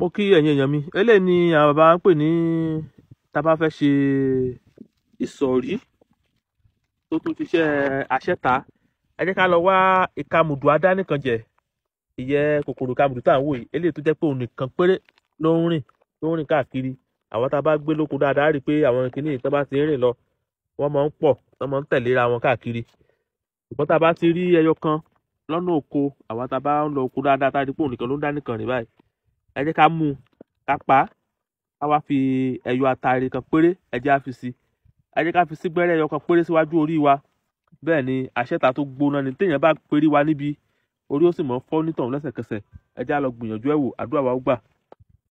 mo kí ẹ̀yin èèyàn mi eléyìí ni àwọn bàbá ń pè ní tá bá fẹ́ ṣe ìsọ̀rí tó tún ṣiṣẹ́ àṣẹta ẹ jẹ́ ká lọ wá ìkamùdù adánìkan jẹ ìyẹn kòkòrò kamùdù tá à ń wò yìí eléyìí tó jẹ́ pé òun nìkan péré ló ń rìn ló ń rìn káàkiri àwọn tá a bá gbé lóko dáadáa rí i pé àwọn kìnìún tó bá ti rìn lọ wọ́n máa ń pọ̀ wọ́n máa ń tẹ̀léra wọn káàkiri ṣùgbọ́n tá a bá ti rí ẹyọ kan lọ́nà oko àwọn tá a bá ń lọ oko dáadáa tá a rí pé òun nìkan ló ń dá nìkan rìn báyìí ẹ jẹ́ ká mú un ká pa á ká wá fi ẹyọ àtàrí kan péré ẹ jẹ́ á fi sí ẹ jẹ́ ká fi sí gbẹ́rẹ́ ẹyọ kan péré síwájú orí wa bẹ́ẹ̀ ni àṣẹta tó gbóná ni téèyàn bá pérí wa níbi orí ó sì mọ́ fọ́ nítàn lẹ́sẹ̀kẹsẹ̀ ẹ jẹ́ á lọ gbìyànjú ẹ̀ àdúrà wa ó gbà